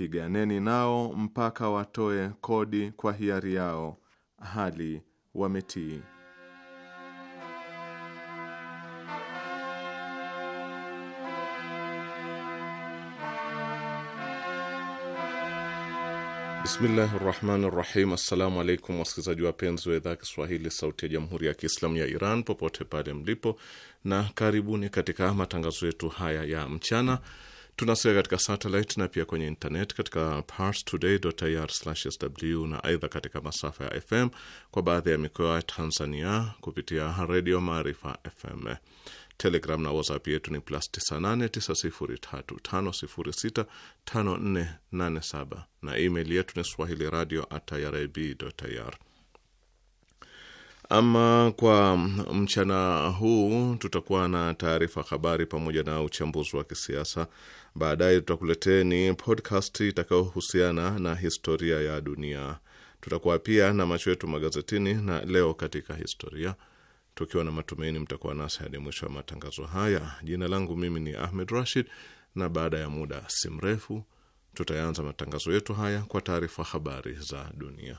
piganeni nao mpaka watoe kodi kwa hiari yao hali wametii. Bismillahi rahmani rahim. Assalamu alaikum wasikilizaji wapenzi wa idhaa Kiswahili sauti ya jamhuri ya Kiislamu ya Iran popote pale mlipo, na karibuni katika matangazo yetu haya ya mchana Tunasikia katika satellite na pia kwenye internet katika parstoday.ir/sw na aidha katika masafa ya FM kwa baadhi ya mikoa ya Tanzania kupitia Redio Maarifa FM. Telegram na WhatsApp yetu ni plus 989035065487 na email yetu ni swahili radio at irib.ir. Ama kwa mchana huu tutakuwa na taarifa habari pamoja na uchambuzi wa kisiasa. Baadaye tutakuleteni podcast itakayohusiana na historia ya dunia. Tutakuwa pia na macho yetu magazetini na leo katika historia, tukiwa na matumaini mtakuwa nasi hadi mwisho wa matangazo haya. Jina langu mimi ni Ahmed Rashid, na baada ya muda si mrefu tutayaanza matangazo yetu haya kwa taarifa habari za dunia.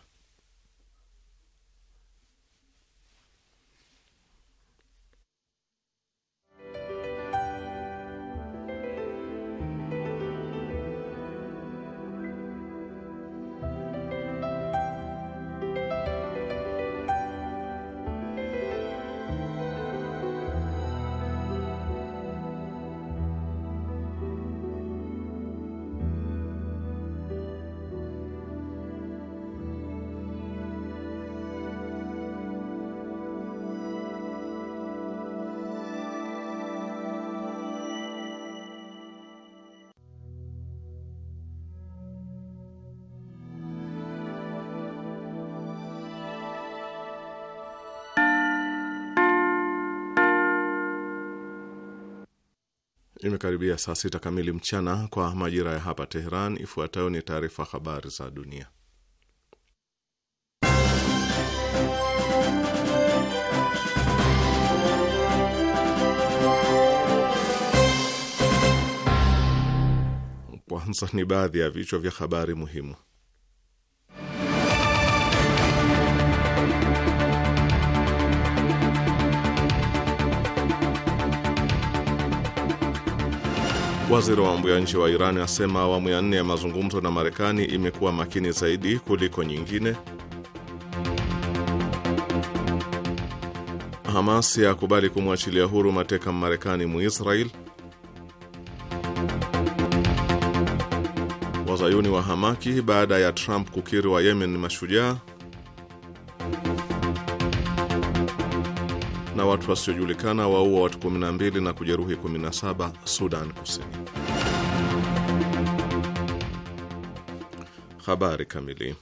imekaribia saa sita kamili mchana kwa majira ya hapa Teheran. Ifuatayo ni taarifa habari za dunia. Kwanza ni baadhi ya vichwa vya habari muhimu. Waziri wa mambo ya nje wa Iran asema awamu ya nne ya mazungumzo na Marekani imekuwa makini zaidi kuliko nyingine. Hamas yakubali kumwachilia huru mateka Marekani Muisrael. Wazayuni wa hamaki baada ya Trump kukiri wa Yemen ni mashujaa. na watu wasiojulikana waua watu 12 na kujeruhi 17 Sudan Kusini. Habari kamili.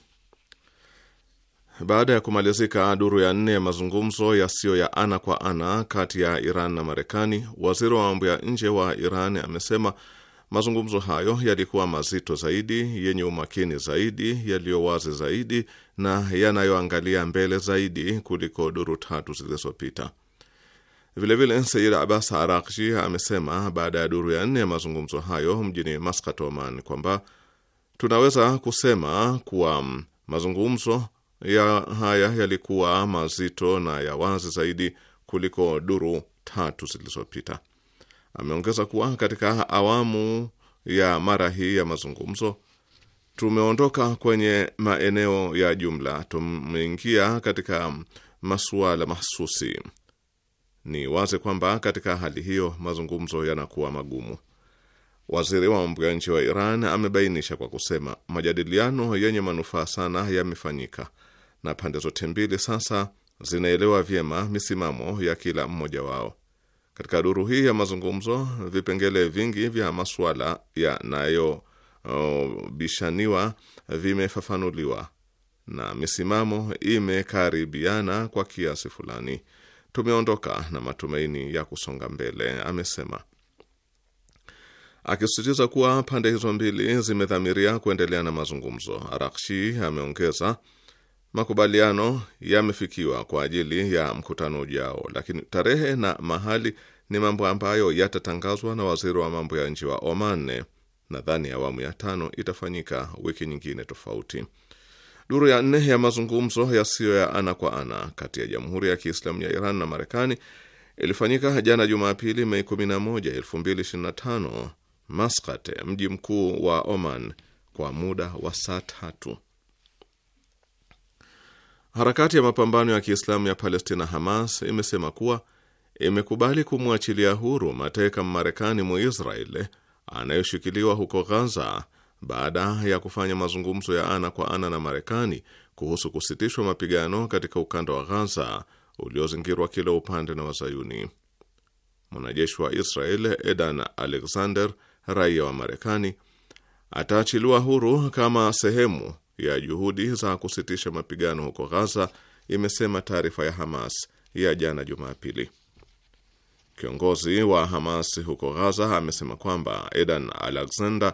Baada ya kumalizika duru ya nne ya mazungumzo yasiyo ya ana kwa ana kati ya Iran na Marekani, waziri wa mambo ya nje wa Iran amesema mazungumzo hayo yalikuwa mazito zaidi, yenye umakini zaidi, yaliyo wazi zaidi na yanayoangalia mbele zaidi kuliko duru tatu zilizopita. Vilevile Sayid Abbas Arakji amesema baada ya duru ya nne ya mazungumzo hayo mjini Maskat, Oman, kwamba tunaweza kusema kuwa mazungumzo ya haya yalikuwa mazito na ya wazi zaidi kuliko duru tatu zilizopita. Ameongeza kuwa katika awamu ya mara hii ya mazungumzo tumeondoka kwenye maeneo ya jumla, tumeingia katika masuala mahsusi ni wazi kwamba katika hali hiyo mazungumzo yanakuwa magumu. Waziri wa mambo ya nje wa Iran amebainisha kwa kusema, majadiliano yenye manufaa sana yamefanyika na pande zote mbili sasa zinaelewa vyema misimamo ya kila mmoja wao. Katika duru hii ya mazungumzo, vipengele vingi vya masuala yanayobishaniwa oh, vimefafanuliwa na misimamo imekaribiana kwa kiasi fulani tumeondoka na matumaini ya kusonga mbele, amesema, akisisitiza kuwa pande hizo mbili zimedhamiria kuendelea na mazungumzo. Arakshi ameongeza makubaliano yamefikiwa kwa ajili ya mkutano ujao, lakini tarehe na mahali ni mambo ambayo yatatangazwa na waziri wa mambo ya nje wa Oman. Nadhani awamu ya tano itafanyika wiki nyingine tofauti. Duru ya nne ya mazungumzo yasiyo ya ana kwa ana kati ya Jamhuri ya Kiislamu ya Iran na Marekani ilifanyika jana Jumapili, Mei 11, 2025 Maskat, mji mkuu wa Oman, kwa muda wa saa tatu. Harakati ya mapambano ya Kiislamu ya Palestina, Hamas, imesema kuwa imekubali kumwachilia huru mateka Mmarekani Muisraeli anayeshikiliwa huko Ghaza baada ya kufanya mazungumzo ya ana kwa ana na Marekani kuhusu kusitishwa mapigano katika ukanda wa Ghaza uliozingirwa kila upande na Wazayuni. Mwanajeshi wa Israel Edan Alexander, raia wa Marekani, ataachiliwa huru kama sehemu ya juhudi za kusitisha mapigano huko Ghaza, imesema taarifa ya Hamas ya jana Jumapili. Kiongozi wa Hamas huko Ghaza amesema kwamba Edan Alexander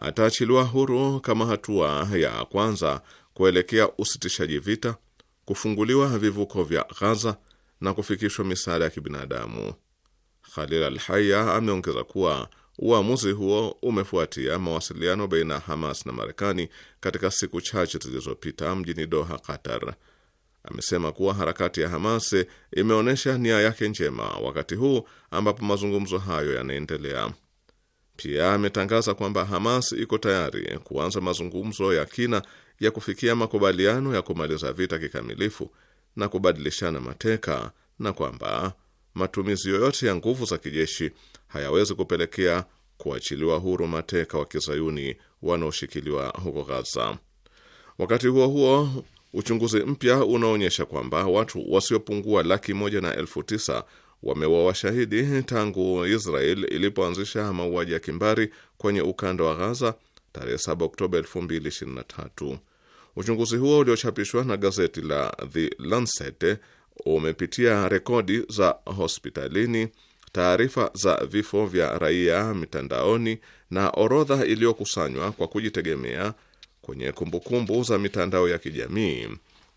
ataachiliwa huru kama hatua ya kwanza kuelekea usitishaji vita, kufunguliwa vivuko vya Ghaza na kufikishwa misaada ya kibinadamu. Khalil Al-Haya ameongeza kuwa uamuzi huo umefuatia mawasiliano baina ya Hamas na Marekani katika siku chache zilizopita mjini Doha, Qatar. Amesema kuwa harakati ya Hamas imeonyesha nia yake njema wakati huu ambapo mazungumzo hayo yanaendelea. Pia ametangaza kwamba Hamas iko tayari kuanza mazungumzo ya kina ya kufikia makubaliano ya kumaliza vita kikamilifu na kubadilishana mateka na kwamba matumizi yoyote ya nguvu za kijeshi hayawezi kupelekea kuachiliwa huru mateka wa kizayuni wanaoshikiliwa huko Gaza. Wakati huo huo, uchunguzi mpya unaonyesha kwamba watu wasiopungua laki moja na elfu tisa washahidi tangu Israel ilipoanzisha mauaji ya kimbari kwenye ukanda wa Ghaza tarehe 7 Oktoba 2023. Uchunguzi huo uliochapishwa na gazeti la The Lancet umepitia rekodi za hospitalini, taarifa za vifo vya raia mitandaoni na orodha iliyokusanywa kwa kujitegemea kwenye kumbukumbu za mitandao ya kijamii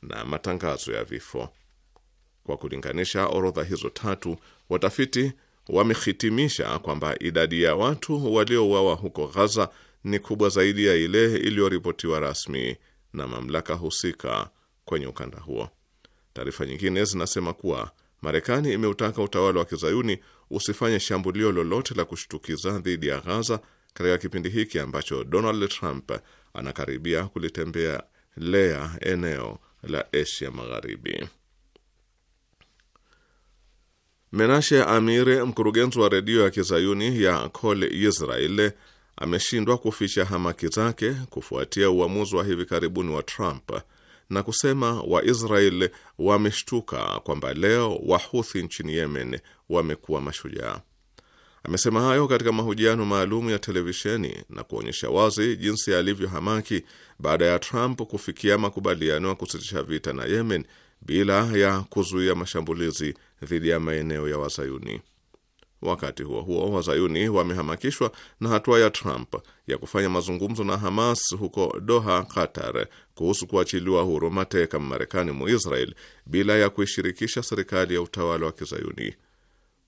na matangazo ya vifo. Kwa kulinganisha orodha hizo tatu, watafiti wamehitimisha kwamba idadi ya watu waliouawa huko Ghaza ni kubwa zaidi ya ile iliyoripotiwa rasmi na mamlaka husika kwenye ukanda huo. Taarifa nyingine zinasema kuwa Marekani imeutaka utawala wa kizayuni usifanye shambulio lolote la kushtukiza dhidi ya Ghaza katika kipindi hiki ambacho Donald Trump anakaribia kulitembelea eneo la Asia Magharibi. Menashe amir mkurugenzi wa redio ya kizayuni ya Kol Israel, ameshindwa kuficha hamaki zake kufuatia uamuzi wa hivi karibuni wa Trump na kusema Waisrael wameshtuka kwamba leo Wahuthi nchini Yemen wamekuwa mashujaa. Amesema hayo katika mahojiano maalum ya televisheni na kuonyesha wazi jinsi alivyo hamaki baada ya Trump kufikia makubaliano ya kusitisha vita na Yemen bila ya kuzuia mashambulizi dhidi ya maeneo ya Wazayuni. Wakati huo huo, Wazayuni wamehamakishwa na hatua ya Trump ya kufanya mazungumzo na Hamas huko Doha, Qatar, kuhusu kuachiliwa huru mateka Mmarekani Muisrael bila ya kuishirikisha serikali ya utawala wa Kizayuni.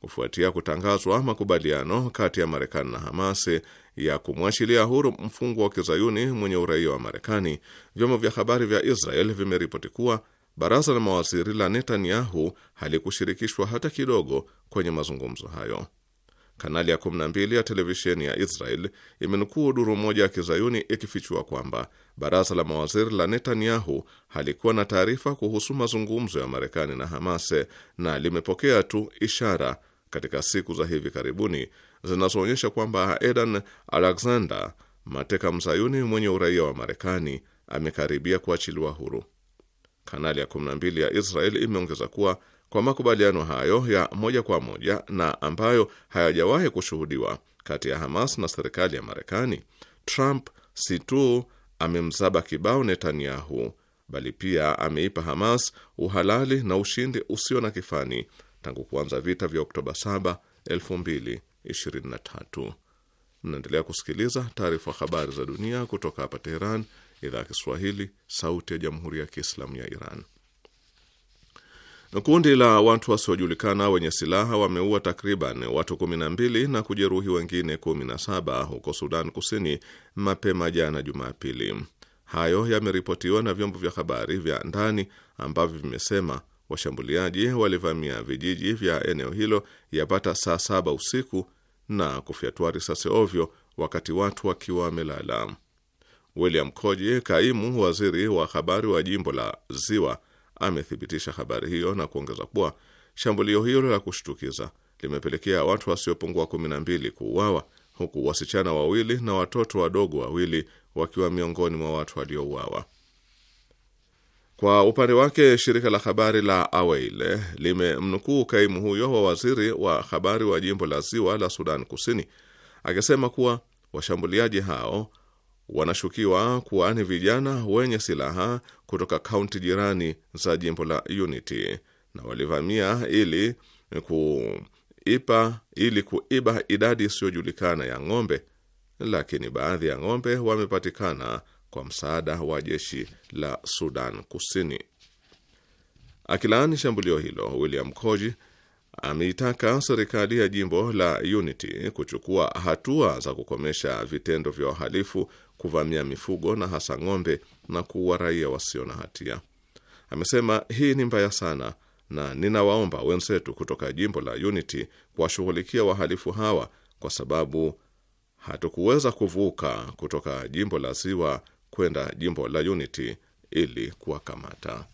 Kufuatia kutangazwa makubaliano kati ya Marekani na Hamas ya kumwachilia huru mfungwa wa Kizayuni mwenye uraia wa Marekani, vyombo vya habari vya Israel vimeripoti kuwa Baraza la mawaziri la Netanyahu halikushirikishwa hata kidogo kwenye mazungumzo hayo. Kanali ya 12 ya televisheni ya Israel imenukuu duru moja ya kizayuni ikifichua kwamba baraza la mawaziri la Netanyahu halikuwa na taarifa kuhusu mazungumzo ya Marekani na hamase na limepokea tu ishara katika siku za hivi karibuni zinazoonyesha kwamba Edan Alexander, mateka mzayuni mwenye uraia wa Marekani, amekaribia kuachiliwa huru. Kanali ya 12 ya Israel imeongeza kuwa kwa makubaliano hayo ya moja kwa moja na ambayo hayajawahi kushuhudiwa kati ya Hamas na serikali ya Marekani, Trump si tu amemzaba kibao Netanyahu bali pia ameipa Hamas uhalali na ushindi usio na kifani tangu kuanza vita vya Oktoba 7, 2023. Mnaendelea kusikiliza taarifa habari za dunia kutoka hapa Teheran, idhaa ya Kiswahili, sauti ya jamhuri ya kiislamu ya Iran. Kundi la watu wasiojulikana wenye silaha wameua takriban watu 12 na kujeruhi wengine 17 huko Sudan Kusini mapema jana Jumapili. Hayo yameripotiwa na vyombo vya habari vya ndani ambavyo vimesema washambuliaji walivamia vijiji vya eneo hilo yapata saa saba usiku na kufyatua risasi ovyo wakati watu wakiwa wamelala. William Koji, kaimu waziri wa habari wa jimbo la Ziwa, amethibitisha habari hiyo na kuongeza kuwa shambulio hilo la kushtukiza limepelekea watu wasiopungua kumi na mbili kuuawa huku wasichana wawili na watoto wadogo wawili wakiwa miongoni mwa watu waliouawa. Kwa upande wake shirika la habari la Aweile limemnukuu kaimu huyo wa waziri wa habari wa jimbo la Ziwa la Sudan Kusini akisema kuwa washambuliaji hao wanashukiwa kuwa ni vijana wenye silaha kutoka kaunti jirani za jimbo la Unity na walivamia ili kuipa ili kuiba idadi isiyojulikana ya ng'ombe, lakini baadhi ya ng'ombe wamepatikana kwa msaada wa jeshi la Sudan Kusini. Akilaani shambulio hilo, William Koji ameitaka serikali ya jimbo la Unity kuchukua hatua za kukomesha vitendo vya uhalifu kuvamia mifugo na hasa ng'ombe na kuua raia wasio na hatia. Amesema hii ni mbaya sana, na ninawaomba wenzetu kutoka jimbo la Unity kuwashughulikia wahalifu hawa, kwa sababu hatukuweza kuvuka kutoka jimbo la Ziwa kwenda jimbo la Unity ili kuwakamata.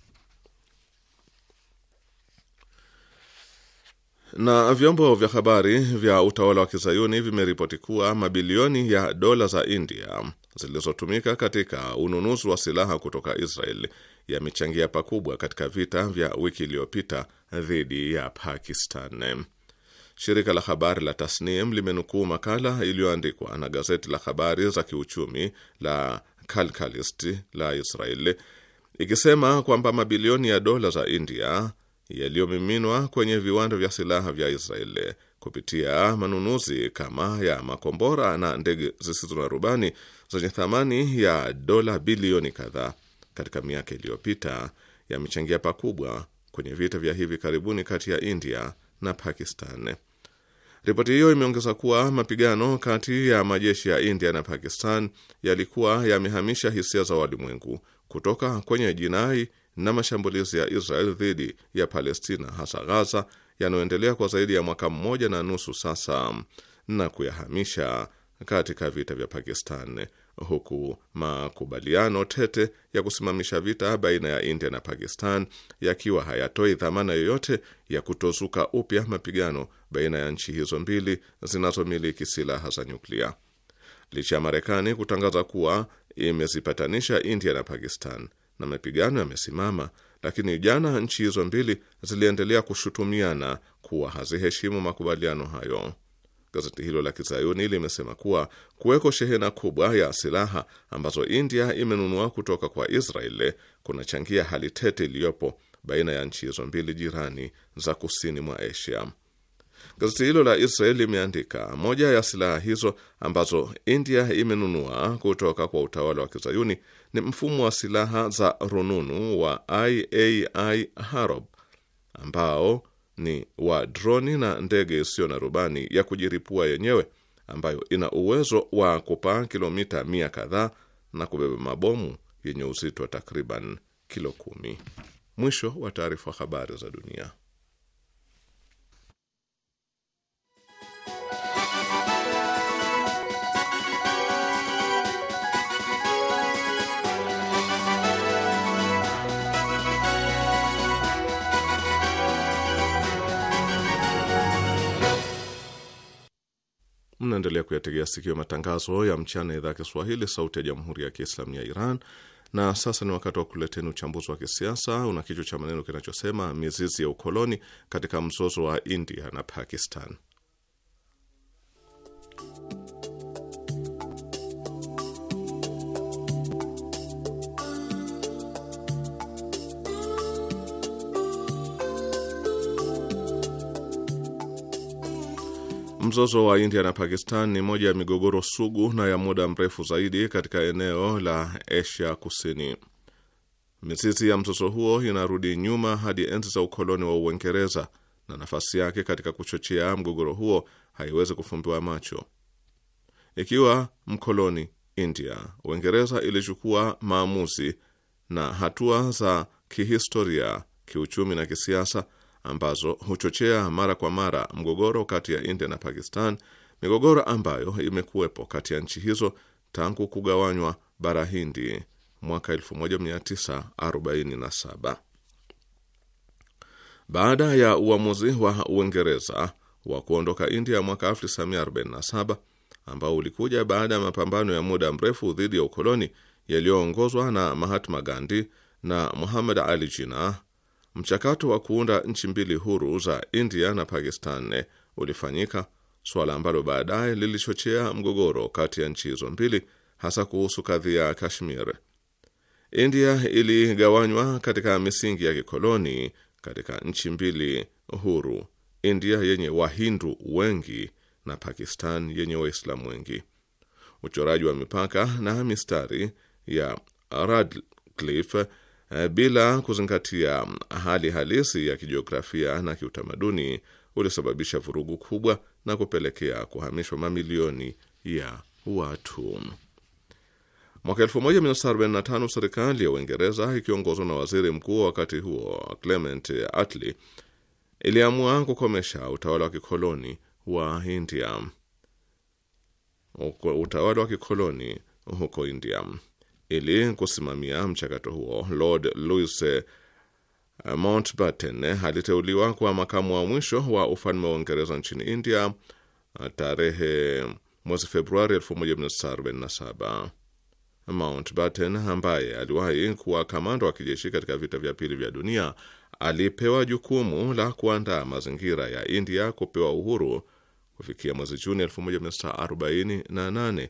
Na vyombo vya habari vya utawala wa kizayuni vimeripoti kuwa mabilioni ya dola za India zilizotumika katika ununuzi wa silaha kutoka Israel yamechangia pakubwa katika vita vya wiki iliyopita dhidi ya Pakistan. Shirika la habari la Tasnim limenukuu makala iliyoandikwa na gazeti la habari za kiuchumi la Kalkalist la Israel ikisema kwamba mabilioni ya dola za India yaliyomiminwa kwenye viwanda vya silaha vya Israel kupitia manunuzi kama ya makombora na ndege zisizo na rubani zenye thamani ya dola bilioni kadhaa katika miaka iliyopita yamechangia pakubwa kwenye vita vya hivi karibuni kati ya India na Pakistan. Ripoti hiyo imeongeza kuwa mapigano kati ya majeshi ya India na Pakistan yalikuwa yamehamisha hisia za walimwengu kutoka kwenye jinai na mashambulizi ya Israel dhidi ya Palestina, hasa Gaza, yanayoendelea kwa zaidi ya mwaka mmoja na nusu sasa, na kuyahamisha katika vita vya Pakistan, huku makubaliano tete ya kusimamisha vita baina ya India na Pakistan yakiwa hayatoi dhamana yoyote ya kutozuka upya mapigano baina ya nchi hizo mbili zinazomiliki silaha za nyuklia. Licha ya Marekani kutangaza kuwa imezipatanisha India na Pakistan na mapigano yamesimama, lakini jana nchi hizo mbili ziliendelea kushutumiana kuwa haziheshimu makubaliano hayo. Gazeti hilo la kizayuni limesema kuwa kuweko shehena kubwa ya silaha ambazo India imenunua kutoka kwa Israel kunachangia hali tete iliyopo baina ya nchi hizo mbili jirani za kusini mwa Asia. Gazeti hilo la Israel limeandika, moja ya silaha hizo ambazo India imenunua kutoka kwa utawala wa kizayuni ni mfumo wa silaha za rununu wa IAI harob ambao ni wa droni na ndege isiyo na rubani ya kujiripua yenyewe ambayo ina uwezo wa kupaa kilomita mia kadhaa na kubeba mabomu yenye uzito wa takriban kilo kumi. Mwisho wa taarifa. Habari za dunia. Mnaendelea kuyategea sikio matangazo ya mchana ya idhaa Kiswahili, sauti ya jamhuri ya kiislamu ya Iran. Na sasa ni wakati wa kuleteni uchambuzi wa kisiasa una kichwa cha maneno kinachosema mizizi ya ukoloni katika mzozo wa India na Pakistan. Mzozo wa India na Pakistan ni moja ya migogoro sugu na ya muda mrefu zaidi katika eneo la Asia Kusini. Mizizi ya mzozo huo inarudi nyuma hadi enzi za ukoloni wa Uingereza, na nafasi yake katika kuchochea mgogoro huo haiwezi kufumbiwa macho. Ikiwa mkoloni India, Uingereza ilichukua maamuzi na hatua za kihistoria, kiuchumi na kisiasa ambazo huchochea mara kwa mara mgogoro kati ya India na Pakistan, migogoro ambayo imekuwepo kati ya nchi hizo tangu kugawanywa bara Hindi mwaka 1947. Baada ya uamuzi wa Uingereza wa kuondoka India mwaka 1947 ambao ulikuja baada ya mapambano ya muda mrefu dhidi ya ukoloni yaliyoongozwa na Mahatma Gandhi na Muhammad Ali Jinnah Mchakato wa kuunda nchi mbili huru za India na Pakistan ulifanyika, suala ambalo baadaye lilichochea mgogoro kati ya nchi hizo mbili, hasa kuhusu kadhi ya Kashmir. India iligawanywa katika misingi ya kikoloni katika nchi mbili huru, India yenye Wahindu wengi na Pakistan yenye Waislamu wengi. Uchoraji wa mipaka na mistari ya Radcliffe Eh, bila kuzingatia hali halisi ya kijiografia na kiutamaduni ulisababisha vurugu kubwa na kupelekea kuhamishwa mamilioni ya watu. Mwaka 1945 serikali ya Uingereza ikiongozwa na waziri mkuu wakati huo Clement Attlee iliamua kukomesha utawala wa kikoloni wa India, utawala wa kikoloni huko India. Ili kusimamia mchakato huo, Lord Louis eh, Mountbatten eh, aliteuliwa kwa makamu wa mwisho wa ufalme wa Uingereza nchini India eh, tarehe mwezi Februari 1947. Mountbatten ambaye aliwahi kuwa kamanda wa kijeshi katika vita vya pili vya dunia alipewa jukumu la kuandaa mazingira ya India kupewa uhuru kufikia mwezi Juni 1948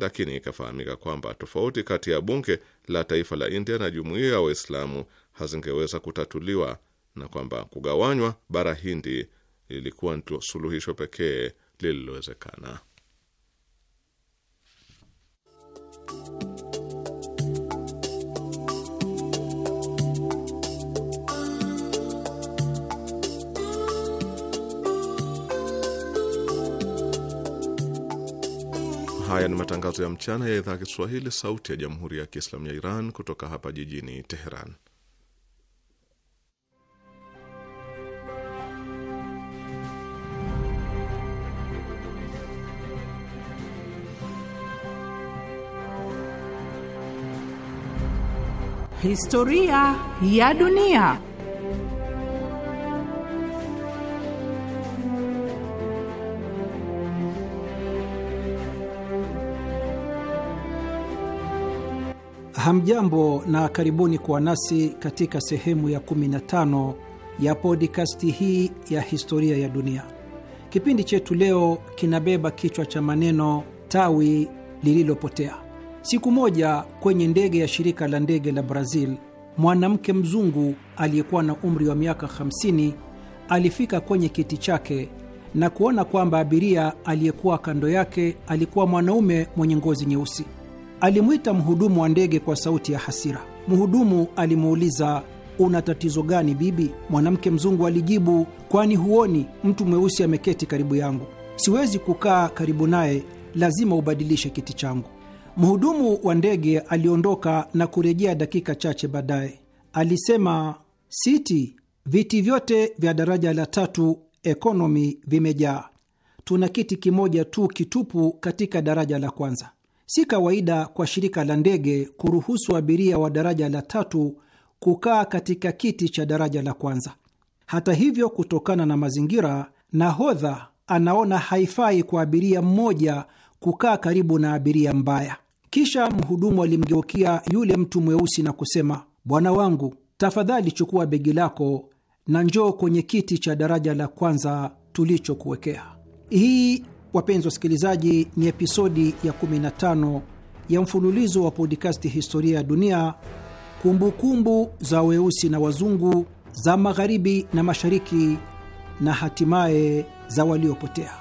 lakini ikafahamika kwamba tofauti kati ya bunge la taifa la India na jumuiya ya Waislamu hazingeweza kutatuliwa na kwamba kugawanywa bara Hindi lilikuwa ndio suluhisho pekee lililowezekana. Haya ni matangazo ya mchana ya idhaa ya Kiswahili, sauti ya jamhuri ya kiislamu ya Iran kutoka hapa jijini Teheran. Historia ya dunia. Hamjambo na karibuni kuwa nasi katika sehemu ya 15 ya podikasti hii ya historia ya dunia. Kipindi chetu leo kinabeba kichwa cha maneno tawi lililopotea. Siku moja kwenye ndege ya shirika la ndege la Brazil, mwanamke mzungu aliyekuwa na umri wa miaka 50 alifika kwenye kiti chake na kuona kwamba abiria aliyekuwa kando yake alikuwa mwanaume mwenye ngozi nyeusi. Alimwita mhudumu wa ndege kwa sauti ya hasira. Mhudumu alimuuliza, una tatizo gani bibi? Mwanamke mzungu alijibu, kwani huoni mtu mweusi ameketi karibu yangu? Siwezi kukaa karibu naye, lazima ubadilishe kiti changu. Mhudumu wa ndege aliondoka na kurejea dakika chache baadaye. Alisema, siti, viti vyote vya daraja la tatu ekonomi vimejaa, tuna kiti kimoja tu kitupu katika daraja la kwanza. Si kawaida kwa shirika la ndege kuruhusu abiria wa daraja la tatu kukaa katika kiti cha daraja la kwanza. Hata hivyo, kutokana na mazingira, nahodha anaona haifai kwa abiria mmoja kukaa karibu na abiria mbaya. Kisha mhudumu alimgeukia yule mtu mweusi na kusema, bwana wangu, tafadhali chukua begi lako na njoo kwenye kiti cha daraja la kwanza tulichokuwekea. Hii Wapenzi wasikilizaji, ni episodi ya 15 ya mfululizo wa podikasti Historia ya Dunia, kumbukumbu kumbu za weusi na wazungu, za magharibi na mashariki, na hatimaye za waliopotea.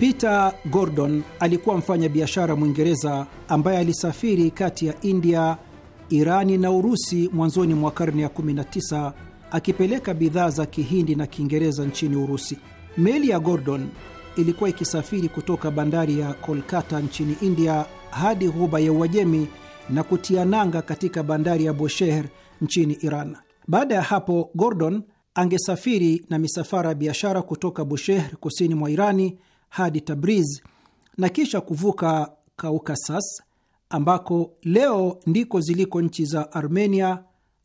Peter Gordon alikuwa mfanya biashara Mwingereza ambaye alisafiri kati ya India, Irani na Urusi mwanzoni mwa karne ya 19 akipeleka bidhaa za Kihindi na Kiingereza nchini Urusi. Meli ya Gordon ilikuwa ikisafiri kutoka bandari ya Kolkata nchini India hadi ghuba ya Uajemi na kutia nanga katika bandari ya Bushehr nchini Iran. Baada ya hapo, Gordon angesafiri na misafara ya biashara kutoka Bushehr kusini mwa Irani hadi Tabriz na kisha kuvuka Kaukasas ambako leo ndiko ziliko nchi za Armenia,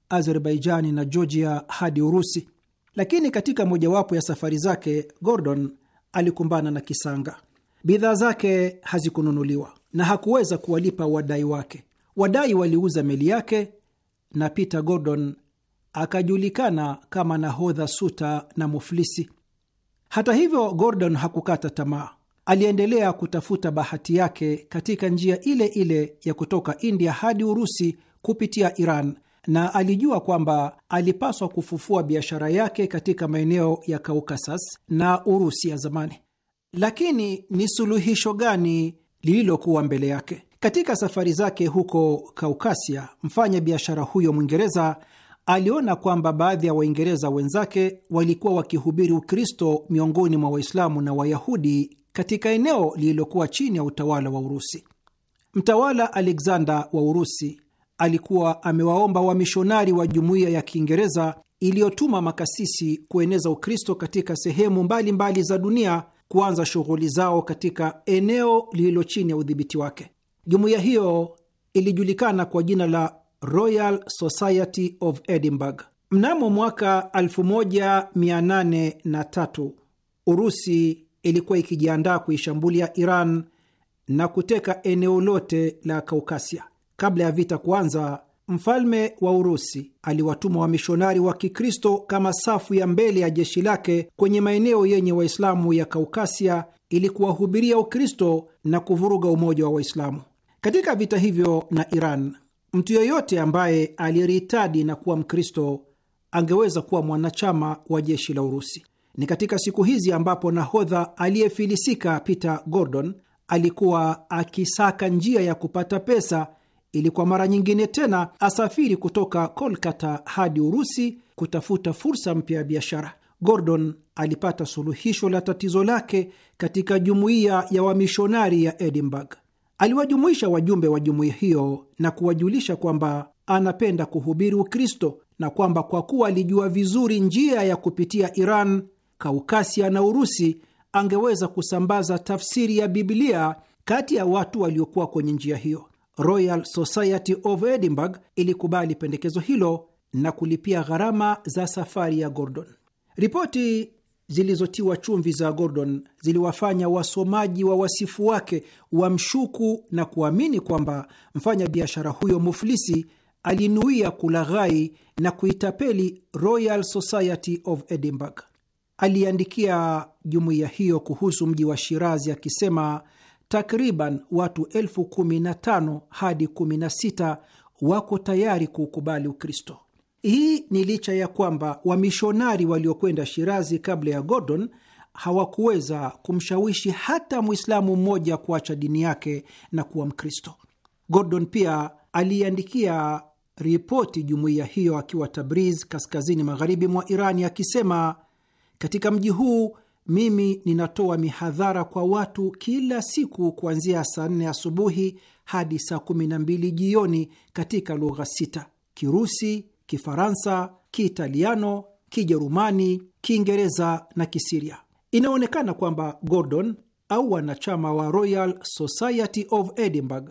Azerbaijani na Georgia hadi Urusi. Lakini katika mojawapo ya safari zake Gordon alikumbana na kisanga. Bidhaa zake hazikununuliwa na hakuweza kuwalipa wadai wake. Wadai waliuza meli yake na Peter Gordon akajulikana kama nahodha suta na muflisi. Hata hivyo, Gordon hakukata tamaa. Aliendelea kutafuta bahati yake katika njia ile ile ya kutoka India hadi Urusi kupitia Iran, na alijua kwamba alipaswa kufufua biashara yake katika maeneo ya Kaukasas na Urusi ya zamani. Lakini ni suluhisho gani lililokuwa mbele yake? Katika safari zake huko Kaukasia, mfanya biashara huyo Mwingereza aliona kwamba baadhi ya Waingereza wenzake walikuwa wakihubiri Ukristo miongoni mwa Waislamu na Wayahudi katika eneo lililokuwa chini ya utawala wa Urusi. Mtawala Alexander wa Urusi alikuwa amewaomba wamishonari wa jumuiya ya Kiingereza iliyotuma makasisi kueneza Ukristo katika sehemu mbalimbali mbali za dunia kuanza shughuli zao katika eneo lililo chini ya udhibiti wake. Jumuiya hiyo ilijulikana kwa jina la Royal Society of Edinburgh. Mnamo mwaka 1803 Urusi ilikuwa ikijiandaa kuishambulia Iran na kuteka eneo lote la Kaukasia. Kabla ya vita kuanza, mfalme wa Urusi aliwatuma wamishonari wa Kikristo kama safu ya mbele ya jeshi lake kwenye maeneo yenye Waislamu ya Kaukasia ili kuwahubiria Ukristo na kuvuruga umoja wa Waislamu. Katika vita hivyo na Iran, Mtu yeyote ambaye aliritadi na kuwa Mkristo angeweza kuwa mwanachama wa jeshi la Urusi. Ni katika siku hizi ambapo nahodha aliyefilisika Peter Gordon alikuwa akisaka njia ya kupata pesa ili kwa mara nyingine tena asafiri kutoka Kolkata hadi Urusi kutafuta fursa mpya ya biashara. Gordon alipata suluhisho la tatizo lake katika jumuiya ya wamishonari ya Edinburgh. Aliwajumuisha wajumbe wa jumuiya hiyo na kuwajulisha kwamba anapenda kuhubiri Ukristo na kwamba kwa kuwa alijua vizuri njia ya kupitia Iran, Kaukasia na Urusi, angeweza kusambaza tafsiri ya Biblia kati ya watu waliokuwa kwenye njia hiyo. Royal Society of Edinburgh ilikubali pendekezo hilo na kulipia gharama za safari ya Gordon. Ripoti zilizotiwa chumvi za Gordon ziliwafanya wasomaji wa wasifu wake wamshuku na kuamini kwamba mfanya biashara huyo muflisi alinuia kulaghai na kuitapeli Royal Society of Edinburgh. Aliandikia jumuiya hiyo kuhusu mji wa Shirazi akisema takriban watu elfu kumi na tano hadi kumi na sita wako tayari kuukubali Ukristo. Hii ni licha ya kwamba wamishonari waliokwenda Shirazi kabla ya Gordon hawakuweza kumshawishi hata Mwislamu mmoja kuacha dini yake na kuwa Mkristo. Gordon pia aliiandikia ripoti jumuiya hiyo akiwa Tabriz, kaskazini magharibi mwa Irani, akisema katika mji huu mimi ninatoa mihadhara kwa watu kila siku kuanzia saa nne asubuhi hadi saa kumi na mbili jioni katika lugha sita: Kirusi, Kifaransa, Kiitaliano, Kijerumani, Kiingereza na Kisiria. Inaonekana kwamba Gordon au wanachama wa Royal Society of Edinburgh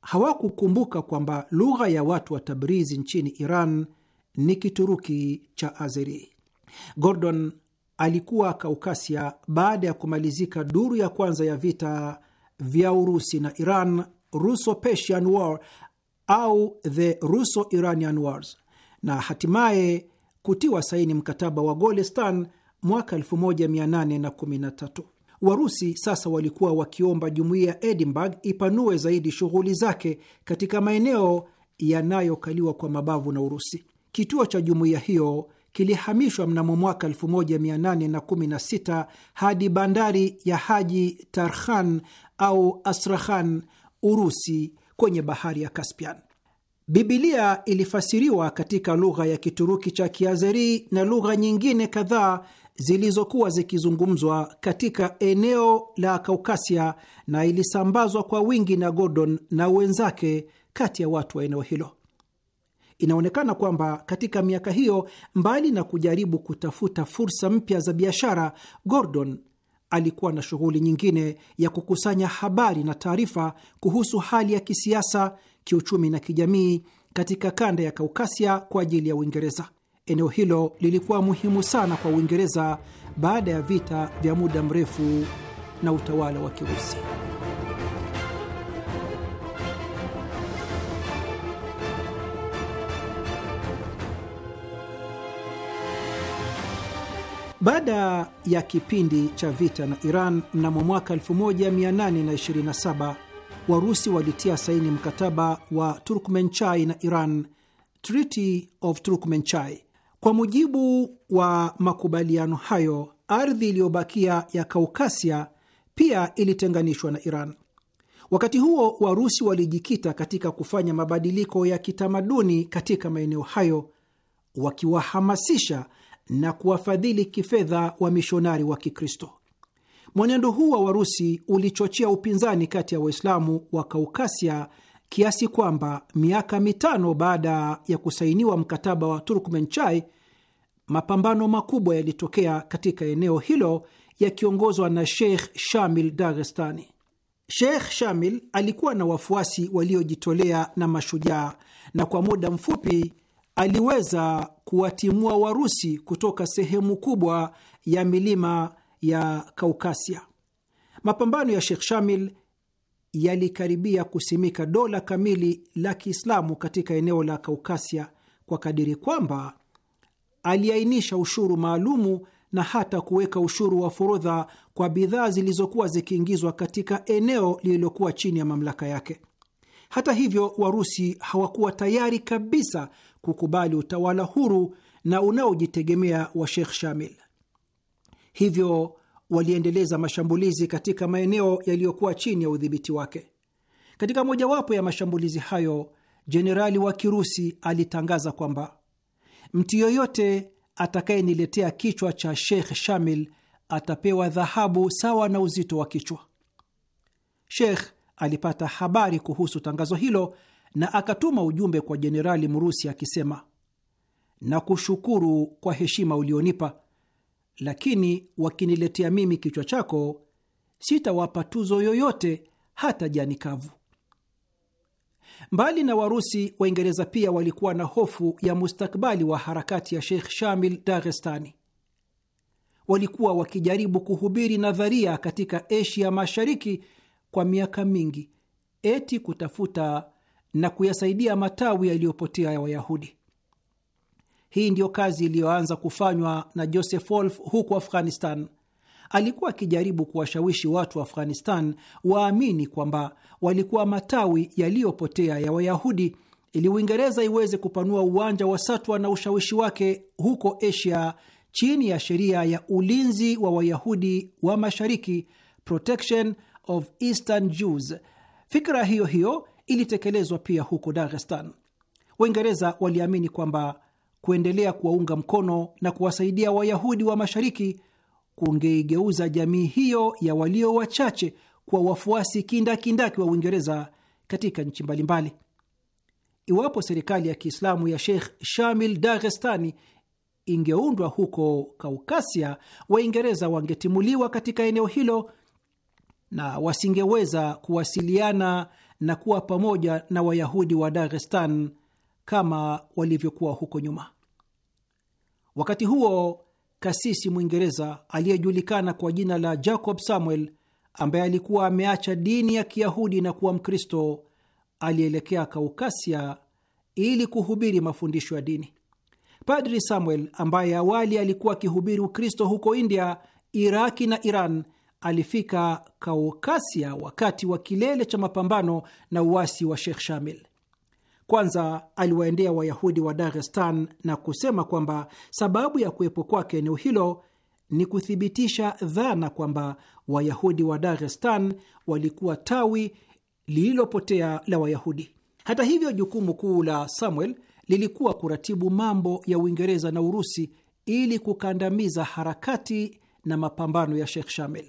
hawakukumbuka kwamba lugha ya watu wa Tabrizi nchini Iran ni Kituruki cha Azeri. Gordon alikuwa Kaukasia baada ya kumalizika duru ya kwanza ya vita vya Urusi na Iran, Russo-Persian War au the Russo-Iranian Wars na hatimaye kutiwa saini mkataba wa Golestan mwaka 1813. Warusi sasa walikuwa wakiomba jumuiya ya Edinburgh ipanue zaidi shughuli zake katika maeneo yanayokaliwa kwa mabavu na Urusi. Kituo cha jumuiya hiyo kilihamishwa mnamo mwaka 1816 hadi bandari ya Haji Tarhan au Astrakhan, Urusi, kwenye bahari ya Caspian. Bibilia ilifasiriwa katika lugha ya Kituruki cha Kiazeri na lugha nyingine kadhaa zilizokuwa zikizungumzwa katika eneo la Kaukasia na ilisambazwa kwa wingi na Gordon na wenzake kati ya watu wa eneo hilo. Inaonekana kwamba katika miaka hiyo, mbali na kujaribu kutafuta fursa mpya za biashara, Gordon alikuwa na shughuli nyingine ya kukusanya habari na taarifa kuhusu hali ya kisiasa kiuchumi na kijamii katika kanda ya Kaukasia kwa ajili ya Uingereza. Eneo hilo lilikuwa muhimu sana kwa Uingereza baada ya vita vya muda mrefu na utawala wa Kirusi. Baada ya kipindi cha vita na Iran mnamo mwaka 1827 Warusi walitia saini mkataba wa Turkmenchai na Iran, Treaty of Turkmenchai. Kwa mujibu wa makubaliano hayo, ardhi iliyobakia ya Kaukasia pia ilitenganishwa na Iran. Wakati huo Warusi walijikita katika kufanya mabadiliko ya kitamaduni katika maeneo hayo, wakiwahamasisha na kuwafadhili kifedha wa mishonari wa Kikristo. Mwenendo huu wa Warusi ulichochea upinzani kati ya Waislamu wa Kaukasia kiasi kwamba miaka mitano baada ya kusainiwa mkataba wa Turkmenchai, mapambano makubwa yalitokea katika eneo hilo yakiongozwa na Sheikh Shamil Dagestani. Sheikh Shamil alikuwa na wafuasi waliojitolea na mashujaa, na kwa muda mfupi aliweza kuwatimua Warusi kutoka sehemu kubwa ya milima ya Kaukasia. Mapambano ya Sheikh Shamil yalikaribia kusimika dola kamili la Kiislamu katika eneo la Kaukasia kwa kadiri kwamba aliainisha ushuru maalumu na hata kuweka ushuru wa forodha kwa bidhaa zilizokuwa zikiingizwa katika eneo lililokuwa chini ya mamlaka yake. Hata hivyo, Warusi hawakuwa tayari kabisa kukubali utawala huru na unaojitegemea wa Sheikh Shamil hivyo waliendeleza mashambulizi katika maeneo yaliyokuwa chini ya udhibiti wake. Katika mojawapo ya mashambulizi hayo, jenerali wa Kirusi alitangaza kwamba mtu yoyote atakayeniletea kichwa cha Sheikh Shamil atapewa dhahabu sawa na uzito wa kichwa. Sheikh alipata habari kuhusu tangazo hilo na akatuma ujumbe kwa jenerali Mrusi akisema, nakushukuru kwa heshima ulionipa lakini wakiniletea mimi kichwa chako sitawapa tuzo yoyote, hata jani kavu. Mbali na Warusi, Waingereza pia walikuwa na hofu ya mustakbali wa harakati ya Sheikh Shamil Daghestani. Walikuwa wakijaribu kuhubiri nadharia katika Asia Mashariki kwa miaka mingi, eti kutafuta na kuyasaidia matawi yaliyopotea ya Wayahudi. Hii ndiyo kazi iliyoanza kufanywa na Joseph Wolf huko Afghanistan. Alikuwa akijaribu kuwashawishi watu wa Afghanistan waamini kwamba walikuwa matawi yaliyopotea ya Wayahudi ili Uingereza iweze kupanua uwanja wa satwa na ushawishi wake huko Asia chini ya sheria ya ulinzi wa Wayahudi wa Mashariki, Protection of Eastern Jews. Fikra hiyo hiyo ilitekelezwa pia huko Dagestan. Waingereza waliamini kwamba kuendelea kuwaunga mkono na kuwasaidia Wayahudi wa Mashariki kungeigeuza jamii hiyo ya walio wachache kwa wafuasi kindakindaki wa Uingereza katika nchi mbalimbali. Iwapo serikali ya Kiislamu ya Sheikh Shamil Daghestani ingeundwa huko Kaukasia, Waingereza wangetimuliwa katika eneo hilo na wasingeweza kuwasiliana na kuwa pamoja na Wayahudi wa Dagestan kama walivyokuwa huko nyuma. Wakati huo kasisi Mwingereza aliyejulikana kwa jina la Jacob Samuel, ambaye alikuwa ameacha dini ya Kiyahudi na kuwa Mkristo, alielekea Kaukasia ili kuhubiri mafundisho ya dini. Padri Samuel, ambaye awali alikuwa akihubiri Ukristo huko India, Iraki na Iran, alifika Kaukasia wakati wa kilele cha mapambano na uasi wa Sheikh Shamil. Kwanza aliwaendea Wayahudi wa Dagestan na kusema kwamba sababu ya kuwepo kwake eneo hilo ni kuthibitisha dhana kwamba Wayahudi wa Dagestan walikuwa tawi lililopotea la Wayahudi. Hata hivyo, jukumu kuu la Samuel lilikuwa kuratibu mambo ya Uingereza na Urusi ili kukandamiza harakati na mapambano ya Sheikh shamel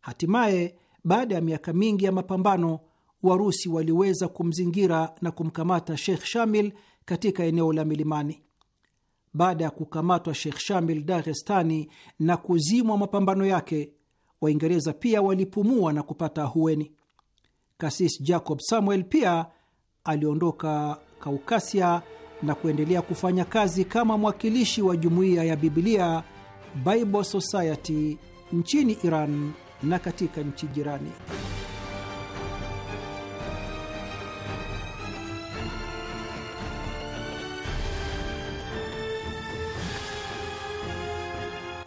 Hatimaye, baada ya miaka mingi ya mapambano Warusi waliweza kumzingira na kumkamata Sheikh Shamil katika eneo la milimani. Baada ya kukamatwa Sheikh Shamil Daghestani na kuzimwa mapambano yake, Waingereza pia walipumua na kupata ahueni. kasis Jacob Samuel pia aliondoka Kaukasia na kuendelea kufanya kazi kama mwakilishi wa jumuiya ya Bibilia Bible Society nchini Iran na katika nchi jirani.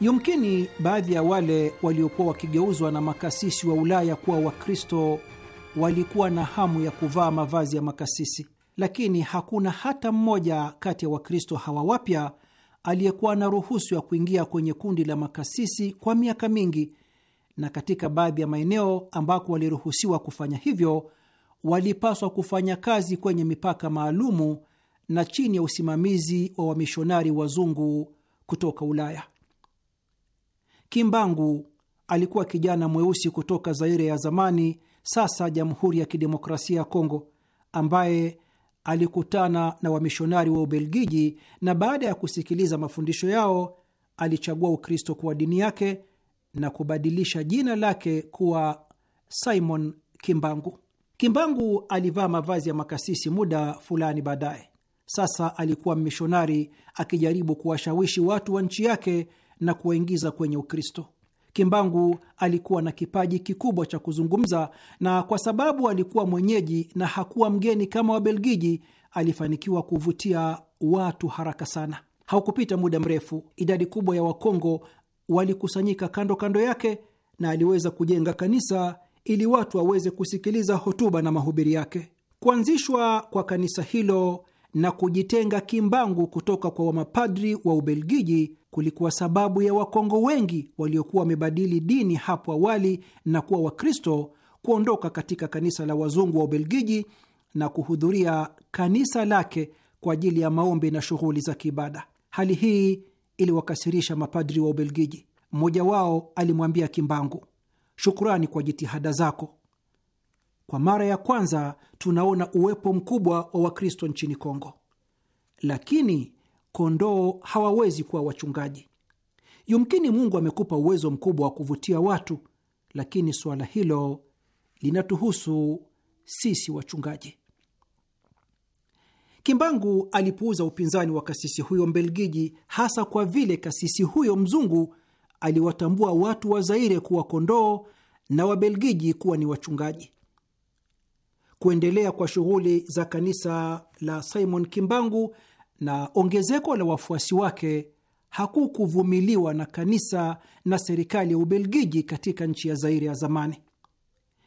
Yumkini baadhi ya wale waliokuwa wakigeuzwa na makasisi wa Ulaya kuwa Wakristo walikuwa na hamu ya kuvaa mavazi ya makasisi, lakini hakuna hata mmoja kati ya Wakristo hawa wapya aliyekuwa na ruhusu ya kuingia kwenye kundi la makasisi kwa miaka mingi, na katika baadhi ya maeneo ambako waliruhusiwa kufanya hivyo, walipaswa kufanya kazi kwenye mipaka maalumu na chini ya usimamizi wa wamishonari wazungu kutoka Ulaya. Kimbangu alikuwa kijana mweusi kutoka Zaire ya zamani, sasa Jamhuri ya Kidemokrasia ya Kongo, ambaye alikutana na wamishonari wa Ubelgiji na baada ya kusikiliza mafundisho yao alichagua Ukristo kuwa dini yake na kubadilisha jina lake kuwa Simon Kimbangu. Kimbangu alivaa mavazi ya makasisi muda fulani baadaye. Sasa alikuwa mmishonari akijaribu kuwashawishi watu wa nchi yake na kuwaingiza kwenye Ukristo. Kimbangu alikuwa na kipaji kikubwa cha kuzungumza, na kwa sababu alikuwa mwenyeji na hakuwa mgeni kama Wabelgiji, alifanikiwa kuvutia watu haraka sana. Haukupita muda mrefu, idadi kubwa ya Wakongo walikusanyika kando kando yake na aliweza kujenga kanisa ili watu waweze kusikiliza hotuba na mahubiri yake. Kuanzishwa kwa kanisa hilo na kujitenga kimbangu kutoka kwa wamapadri wa Ubelgiji kulikuwa sababu ya Wakongo wengi waliokuwa wamebadili dini hapo awali na kuwa Wakristo kuondoka katika kanisa la wazungu wa Ubelgiji na kuhudhuria kanisa lake kwa ajili ya maombi na shughuli za kiibada. Hali hii iliwakasirisha mapadri wa Ubelgiji. Mmoja wao alimwambia Kimbangu, shukrani kwa jitihada zako, kwa mara ya kwanza tunaona uwepo mkubwa wa Wakristo nchini Kongo, lakini kondoo hawawezi kuwa wachungaji. Yumkini Mungu amekupa uwezo mkubwa wa kuvutia watu, lakini suala hilo linatuhusu sisi wachungaji. Kimbangu alipuuza upinzani wa kasisi huyo Mbelgiji, hasa kwa vile kasisi huyo mzungu aliwatambua watu wa Zaire kuwa kondoo na Wabelgiji kuwa ni wachungaji kuendelea kwa shughuli za kanisa la Simon Kimbangu na ongezeko la wafuasi wake hakukuvumiliwa na kanisa na serikali ya Ubelgiji katika nchi ya Zairi ya zamani.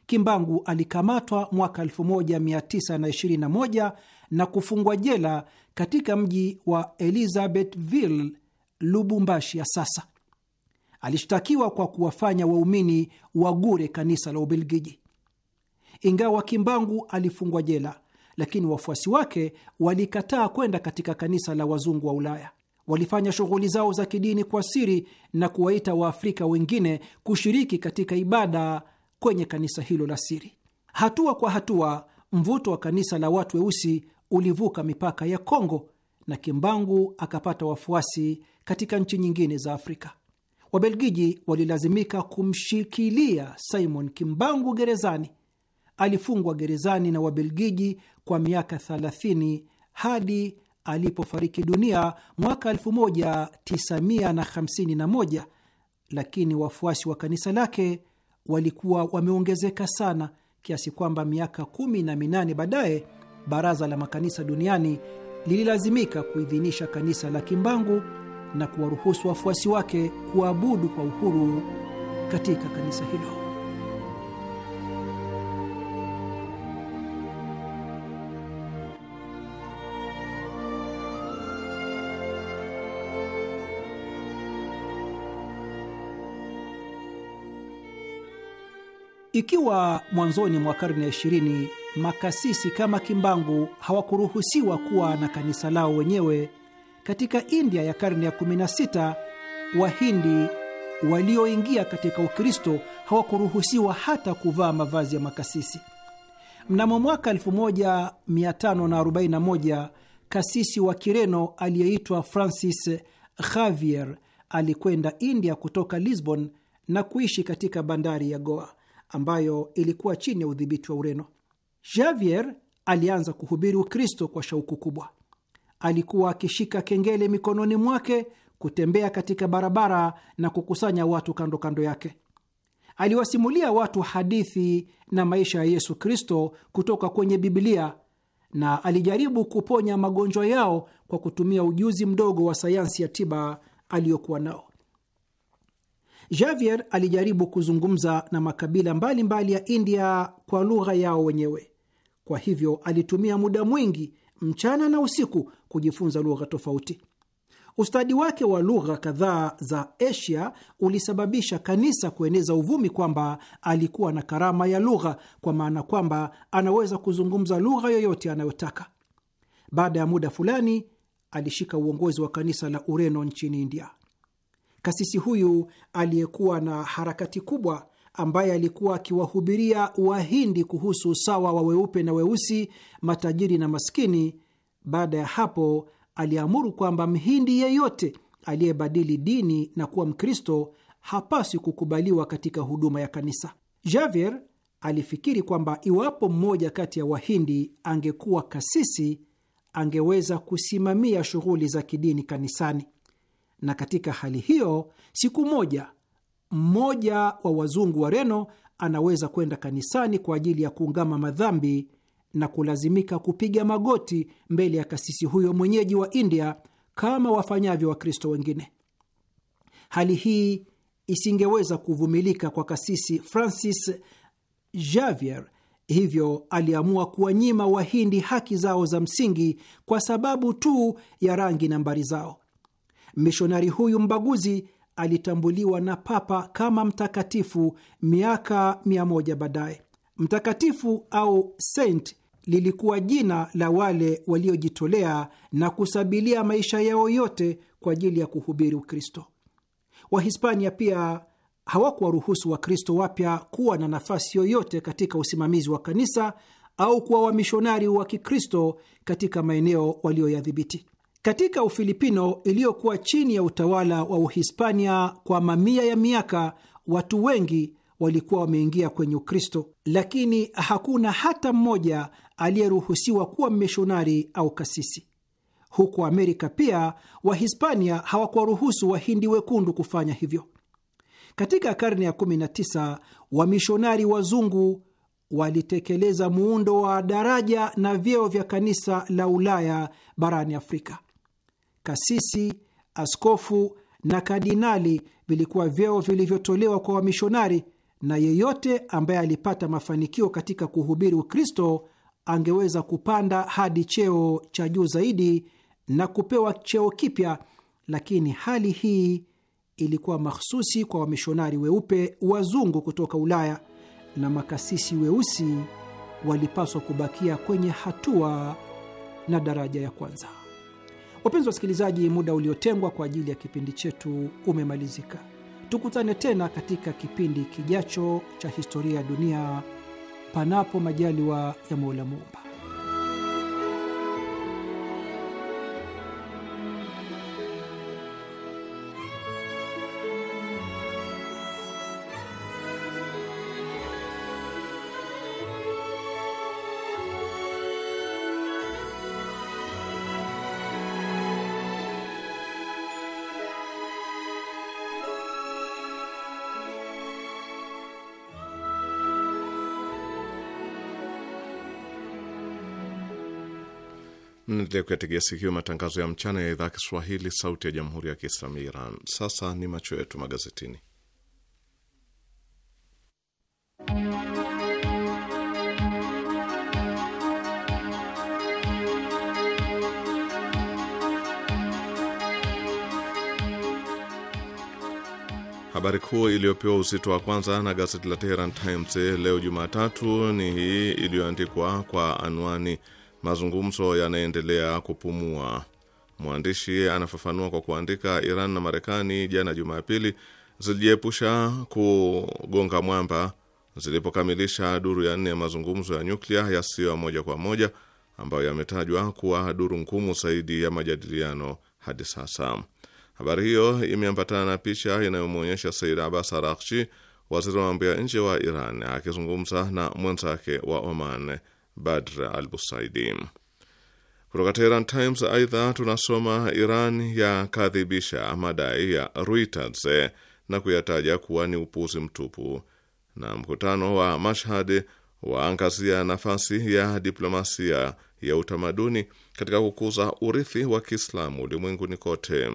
Kimbangu alikamatwa mwaka 1921 na, na kufungwa jela katika mji wa Elizabethville, Lubumbashi ya sasa. Alishtakiwa kwa kuwafanya waumini wagure kanisa la Ubelgiji. Ingawa Kimbangu alifungwa jela, lakini wafuasi wake walikataa kwenda katika kanisa la wazungu wa Ulaya. Walifanya shughuli zao za kidini kwa siri na kuwaita Waafrika wengine kushiriki katika ibada kwenye kanisa hilo la siri. Hatua kwa hatua, mvuto wa kanisa la watu weusi ulivuka mipaka ya Kongo na Kimbangu akapata wafuasi katika nchi nyingine za Afrika. Wabelgiji walilazimika kumshikilia Simon Kimbangu gerezani alifungwa gerezani na Wabelgiji kwa miaka 30 hadi alipofariki dunia mwaka 1951, lakini wafuasi wa kanisa lake walikuwa wameongezeka sana kiasi kwamba miaka kumi na minane baadaye Baraza la Makanisa Duniani lililazimika kuidhinisha kanisa la Kimbangu na kuwaruhusu wafuasi wake kuabudu kwa uhuru katika kanisa hilo. Ikiwa mwanzoni mwa karne ya ishirini makasisi kama Kimbangu hawakuruhusiwa kuwa na kanisa lao wenyewe, katika India ya karne ya 16 Wahindi walioingia katika Ukristo hawakuruhusiwa hata kuvaa mavazi ya makasisi. Mnamo mwaka 1541 kasisi wa Kireno aliyeitwa Francis Xavier alikwenda India kutoka Lisbon na kuishi katika bandari ya Goa ambayo ilikuwa chini ya udhibiti wa Ureno. Javier alianza kuhubiri Ukristo kwa shauku kubwa. Alikuwa akishika kengele mikononi mwake, kutembea katika barabara na kukusanya watu kando kando yake. Aliwasimulia watu hadithi na maisha ya Yesu Kristo kutoka kwenye Bibilia na alijaribu kuponya magonjwa yao kwa kutumia ujuzi mdogo wa sayansi ya tiba aliyokuwa nao. Javier alijaribu kuzungumza na makabila mbalimbali mbali ya India kwa lugha yao wenyewe. Kwa hivyo alitumia muda mwingi mchana na usiku kujifunza lugha tofauti. Ustadi wake wa lugha kadhaa za Asia ulisababisha kanisa kueneza uvumi kwamba alikuwa na karama ya lugha, kwa maana kwamba anaweza kuzungumza lugha yoyote anayotaka. Baada ya muda fulani, alishika uongozi wa kanisa la Ureno nchini India. Kasisi huyu aliyekuwa na harakati kubwa, ambaye alikuwa akiwahubiria Wahindi kuhusu usawa wa weupe na weusi, matajiri na maskini, baada ya hapo aliamuru kwamba Mhindi yeyote aliyebadili dini na kuwa Mkristo hapaswi kukubaliwa katika huduma ya kanisa. Javier alifikiri kwamba iwapo mmoja kati ya Wahindi angekuwa kasisi, angeweza kusimamia shughuli za kidini kanisani na katika hali hiyo, siku moja mmoja wa wazungu wa reno anaweza kwenda kanisani kwa ajili ya kuungama madhambi na kulazimika kupiga magoti mbele ya kasisi huyo mwenyeji wa India kama wafanyavyo Wakristo wengine. Hali hii isingeweza kuvumilika kwa kasisi Francis Javier, hivyo aliamua kuwanyima Wahindi haki zao za msingi kwa sababu tu ya rangi nambari zao. Mishonari huyu mbaguzi alitambuliwa na papa kama mtakatifu miaka mia moja baadaye. Mtakatifu au saint lilikuwa jina la wale waliojitolea na kusabilia maisha yao yote kwa ajili ya kuhubiri Ukristo. Wahispania pia hawakuwaruhusu Wakristo wapya kuwa na nafasi yoyote katika usimamizi wa kanisa au kuwa wamishonari wa Kikristo katika maeneo walioyadhibiti katika Ufilipino iliyokuwa chini ya utawala wa Uhispania kwa mamia ya miaka, watu wengi walikuwa wameingia kwenye Ukristo, lakini hakuna hata mmoja aliyeruhusiwa kuwa mmishonari au kasisi. Huko Amerika pia Wahispania hawakuwaruhusu Wahindi wekundu kufanya hivyo. Katika karne ya 19 wamishonari wazungu walitekeleza muundo wa daraja na vyeo vya kanisa la Ulaya barani Afrika kasisi, askofu na kardinali vilikuwa vyeo vilivyotolewa kwa wamishonari, na yeyote ambaye alipata mafanikio katika kuhubiri Ukristo angeweza kupanda hadi cheo cha juu zaidi na kupewa cheo kipya, lakini hali hii ilikuwa mahsusi kwa wamishonari weupe wazungu kutoka Ulaya, na makasisi weusi walipaswa kubakia kwenye hatua na daraja ya kwanza. Wapenzi wasikilizaji, muda uliotengwa kwa ajili ya kipindi chetu umemalizika. Tukutane tena katika kipindi kijacho cha historia ya dunia, panapo majaliwa ya Mola Muumba. Mnaendelea kuyategea sikio matangazo ya mchana ya idhaa Kiswahili, sauti ya jamhuri ya kiislamu Iran. Sasa ni macho yetu magazetini. Habari kuu iliyopewa uzito wa kwanza na gazeti la Teheran Times leo Jumatatu ni hii iliyoandikwa kwa anwani mazungumzo yanaendelea kupumua. Mwandishi anafafanua kwa kuandika, Iran na Marekani jana Jumapili zilijiepusha kugonga mwamba zilipokamilisha duru ya nne ya mazungumzo ya nyuklia yasiyo ya moja kwa moja ambayo yametajwa kuwa duru ngumu zaidi ya majadiliano hadi sasa. Habari hiyo imeambatana na picha inayomwonyesha Said Abbas Araghchi, waziri wa mambo ya nje wa Iran, akizungumza na mwenzake wa Oman Badr al Busaidi. Kutoka Tehran Times aidha tunasoma Iran yakadhibisha madai ya Reuters na kuyataja kuwa ni upuzi mtupu, na mkutano wa Mashhad waangazia nafasi ya diplomasia ya utamaduni katika kukuza urithi wa Kiislamu ulimwenguni kote.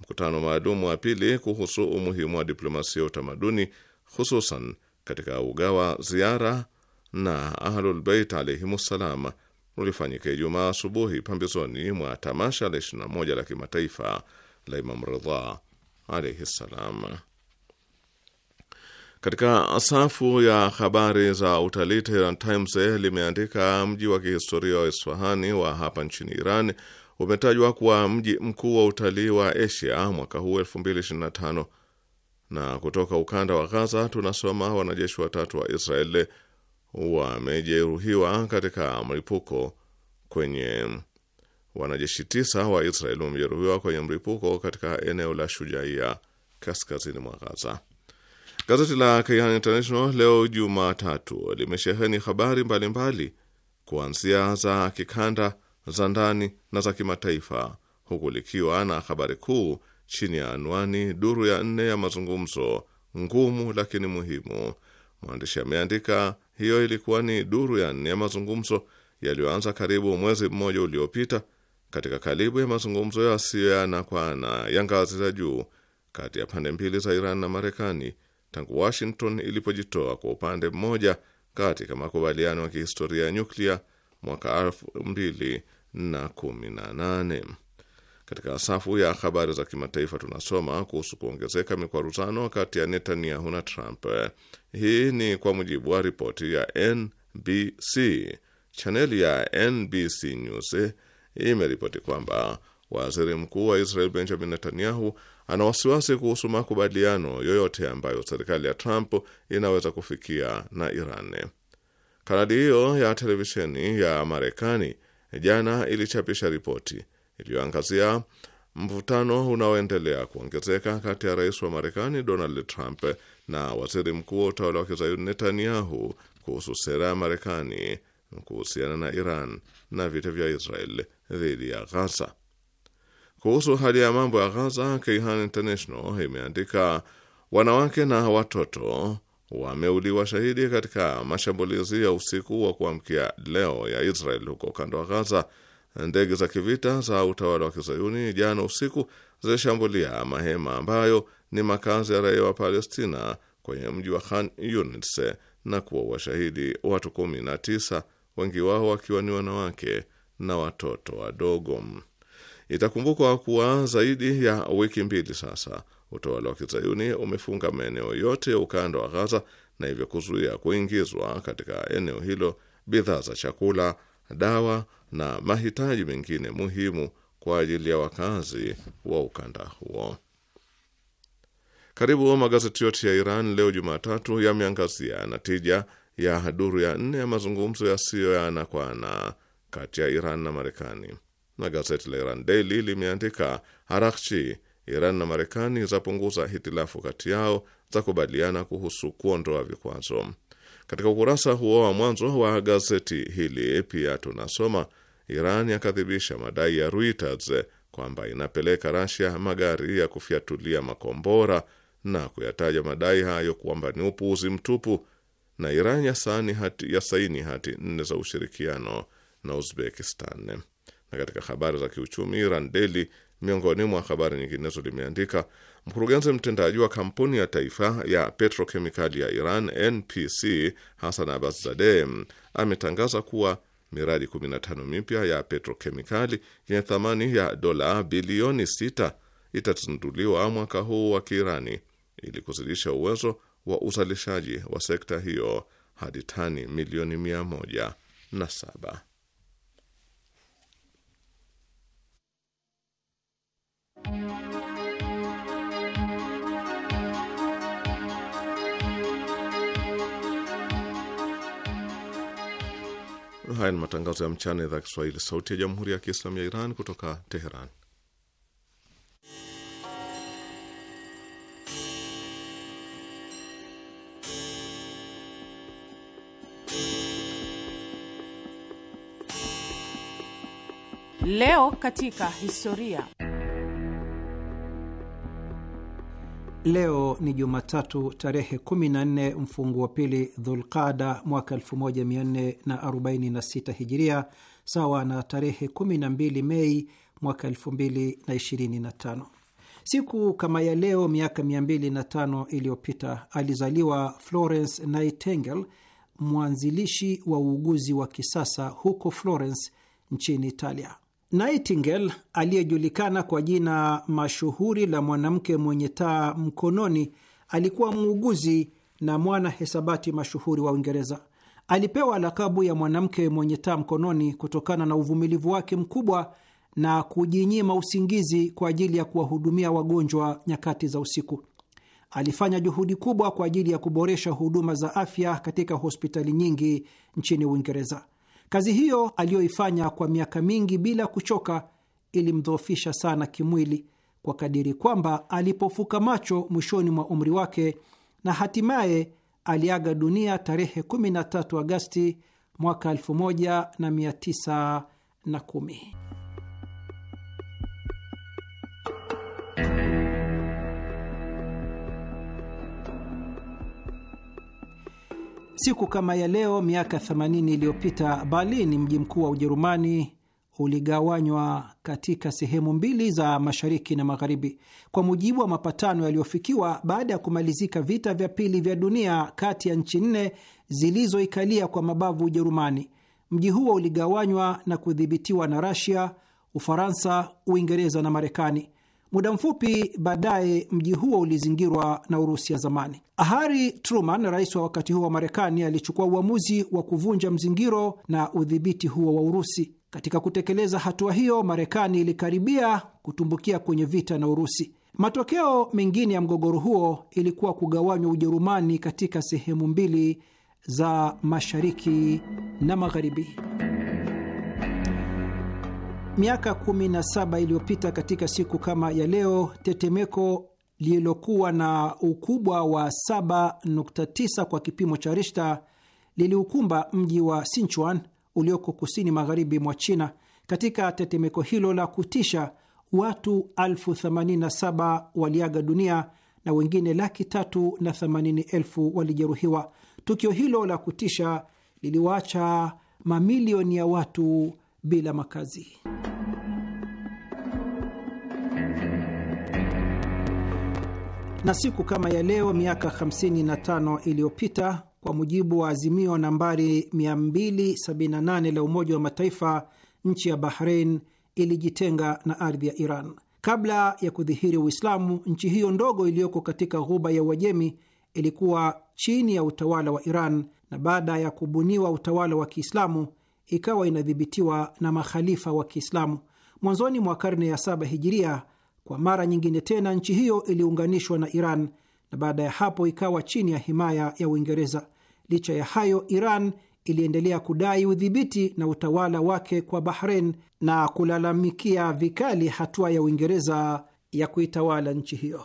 Mkutano maalum wa pili kuhusu umuhimu wa diplomasia ya utamaduni hususan katika uga wa ziara na Ahlulbeit alaihimussalam ulifanyika Ijumaa asubuhi pambizoni mwa tamasha la 21 la kimataifa la Imam Ridha alaihi ssalam. Katika safu ya habari za utalii, Tehran Times eh, limeandika mji wa kihistoria wa Isfahani wa hapa nchini Iran umetajwa kuwa mji mkuu wa utalii wa Asia mwaka huu 2025. Na kutoka ukanda wa Ghaza tunasoma wanajeshi watatu wa Israeli wamejeruhiwa katika mlipuko kwenye wanajeshi tisa wa Israeli wamejeruhiwa kwenye mlipuko katika eneo la Shujaia kaskazini mwa Gaza. Gazeti la Kayhan International leo Jumatatu limesheheni habari mbalimbali kuanzia za kikanda za ndani na za kimataifa, huku likiwa na habari kuu chini ya anwani duru ya nne ya mazungumzo ngumu lakini muhimu. Mwandishi ameandika hiyo ilikuwa ni duru ya nne ya mazungumzo yaliyoanza karibu mwezi mmoja uliopita katika karibu ya mazungumzo yasiyoana kwa ana ya ngazi za juu kati ya pande mbili za Iran na Marekani tangu Washington ilipojitoa kwa upande mmoja katika makubaliano ya kihistoria ya nyuklia mwaka 2018. Katika safu ya habari za kimataifa tunasoma kuhusu kuongezeka mikwaruzano kati ya Netanyahu na Trump. Hii ni kwa mujibu wa ripoti ya NBC. Chaneli ya NBC News imeripoti kwamba waziri mkuu wa Israel Benjamin Netanyahu ana wasiwasi kuhusu makubaliano yoyote ambayo serikali ya Trump inaweza kufikia na Iran. Kanali hiyo ya televisheni ya Marekani jana ilichapisha ripoti iliyoangazia mvutano unaoendelea kuongezeka kati ya rais wa Marekani Donald Trump na waziri mkuu wa utawala wa kizayuni Netanyahu kuhusu sera ya Marekani kuhusiana na Iran na vita vya Israel dhidi ya Ghaza. Kuhusu hali ya mambo ya Ghaza, Kayhan International imeandika wanawake na watoto wameuliwa shahidi katika mashambulizi ya usiku wa kuamkia leo ya Israel huko ukanda wa Ghaza ndege za kivita za utawala wa kizayuni jana usiku zilishambulia mahema ambayo ni makazi ya raia wa Palestina kwenye mji wa Khan Yunis na kuwa washahidi watu 19, wengi wao wakiwa ni wanawake na watoto wadogo. Itakumbukwa kuwa zaidi ya wiki mbili sasa utawala wa kizayuni umefunga maeneo yote ya ukanda wa Ghaza na hivyo kuzuia kuingizwa katika eneo hilo bidhaa za chakula, dawa na mahitaji mengine muhimu kwa ajili ya wakazi wa ukanda huo. Karibu magazeti yote ya Iran leo Jumatatu yameangazia natija ya duru ya nne ya mazungumzo yasiyo ya ana kwa ana kati ya Iran na Marekani, na gazeti la Iran Daily limeandika Harakchi, Iran na Marekani zapunguza hitilafu kati yao za kubaliana kuhusu kuondoa vikwazo. Katika ukurasa huo wa mwanzo wa gazeti hili pia tunasoma Iran yakadhibisha madai ya Reuters kwamba inapeleka Rasia magari ya kufyatulia makombora na kuyataja madai hayo kwamba ni upuuzi mtupu, na Iran yasaini hati, hati nne za ushirikiano na Uzbekistan. Na katika habari za kiuchumi, Iran Daily Miongoni mwa habari nyinginezo, limeandika mkurugenzi mtendaji wa kampuni ya taifa ya petrokemikali ya Iran NPC Hassan Abazzadeh ametangaza kuwa miradi 15 mipya ya petrokemikali yenye thamani ya dola bilioni 6 itazinduliwa mwaka huu wa Kiirani ili kuzidisha uwezo wa uzalishaji wa sekta hiyo hadi tani milioni 107. Haya ni matangazo ya mchana, idhaa Kiswahili, sauti ya jamhuri ya kiislamu ya Iran kutoka Teheran. Leo katika historia Leo ni Jumatatu tarehe 14 mfungu wa pili Dhulqada mwaka 1446 Hijiria, sawa na tarehe 12 Mei mwaka 2025. Siku kama ya leo miaka 205 iliyopita alizaliwa Florence Nightingale, mwanzilishi wa uuguzi wa kisasa huko Florence nchini Italia. Nightingale aliyejulikana kwa jina mashuhuri la mwanamke mwenye taa mkononi alikuwa muuguzi na mwana hesabati mashuhuri wa Uingereza. Alipewa lakabu ya mwanamke mwenye taa mkononi kutokana na uvumilivu wake mkubwa na kujinyima usingizi kwa ajili ya kuwahudumia wagonjwa nyakati za usiku. Alifanya juhudi kubwa kwa ajili ya kuboresha huduma za afya katika hospitali nyingi nchini Uingereza. Kazi hiyo aliyoifanya kwa miaka mingi bila kuchoka ilimdhoofisha sana kimwili, kwa kadiri kwamba alipofuka macho mwishoni mwa umri wake na hatimaye aliaga dunia tarehe 13 Agasti mwaka 1910. Siku kama ya leo miaka 80 iliyopita Berlin, mji mkuu wa Ujerumani, uligawanywa katika sehemu mbili za mashariki na magharibi kwa mujibu wa mapatano yaliyofikiwa baada ya kumalizika vita vya pili vya dunia kati ya nchi nne zilizoikalia kwa mabavu Ujerumani. Mji huo uligawanywa na kudhibitiwa na Rasia, Ufaransa, Uingereza na Marekani. Muda mfupi baadaye mji huo ulizingirwa na Urusi ya zamani. Harry Truman, rais wa wakati huo wa Marekani, alichukua uamuzi wa kuvunja mzingiro na udhibiti huo wa Urusi. Katika kutekeleza hatua hiyo, Marekani ilikaribia kutumbukia kwenye vita na Urusi. Matokeo mengine ya mgogoro huo ilikuwa kugawanywa Ujerumani katika sehemu mbili za mashariki na magharibi. Miaka 17 iliyopita katika siku kama ya leo, tetemeko lililokuwa na ukubwa wa 7.9 kwa kipimo cha Rishta liliukumba mji wa Sichuan ulioko kusini magharibi mwa China. Katika tetemeko hilo la kutisha, watu 87 waliaga dunia na wengine laki tatu na themanini elfu walijeruhiwa. Tukio hilo la kutisha liliwaacha mamilioni ya watu bila makazi. Na siku kama ya leo miaka 55 iliyopita, kwa mujibu wa azimio nambari 278 la Umoja wa Mataifa, nchi ya Bahrein ilijitenga na ardhi ya Iran. Kabla ya kudhihiri Uislamu, nchi hiyo ndogo iliyoko katika ghuba ya Uajemi ilikuwa chini ya utawala wa Iran, na baada ya kubuniwa utawala wa Kiislamu ikawa inadhibitiwa na makhalifa wa Kiislamu. Mwanzoni mwa karne ya saba hijiria, kwa mara nyingine tena nchi hiyo iliunganishwa na Iran na baada ya hapo ikawa chini ya himaya ya Uingereza. Licha ya hayo, Iran iliendelea kudai udhibiti na utawala wake kwa Bahrein na kulalamikia vikali hatua ya Uingereza ya kuitawala nchi hiyo.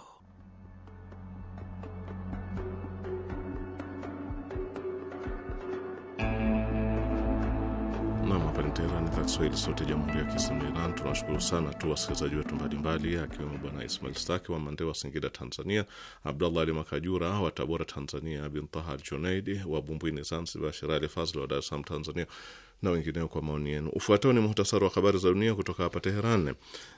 idhaa Kiswahili sote Jamhuri ya Kiislamu Iran. Tunawashukuru sana tu wasikilizaji wetu mbalimbali, akiwemo Bwana Ismail Staki wa Mandeo wa Singida, Tanzania, Abdallah Ali Makajura wa Tabora, Tanzania, Bintaha Aljunaidi wa Bumbwini, Zanzibar, Sherali Fazl wa Dar es Salaam, Tanzania, na wengineo kwa maoni yenu. Ufuatao ni muhtasari wa habari za dunia kutoka hapa Teheran.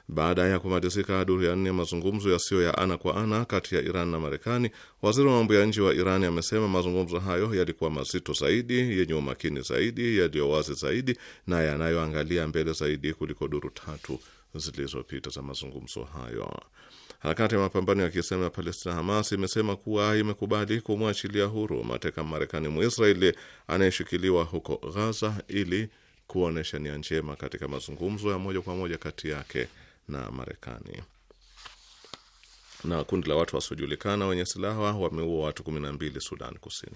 Baada ya kumalizika duru ya nne ya mazungumzo yasiyo ya ana kwa ana kati ya Iran na Marekani, waziri wa mambo ya nje wa Iran amesema mazungumzo hayo yalikuwa mazito zaidi, yenye umakini zaidi, yaliyo wazi zaidi na yanayoangalia mbele zaidi kuliko duru tatu zilizopita za mazungumzo hayo. Harakati ya mapambano ya Kiislamu ya Palestina, Hamas, imesema kuwa imekubali kumwachilia huru mateka Marekani Mwisraeli anayeshikiliwa huko Ghaza ili kuonyesha nia njema katika mazungumzo ya moja kwa moja kati yake na Marekani. Na kundi la watu wasiojulikana wenye silaha wameua watu 12 Sudan Kusini.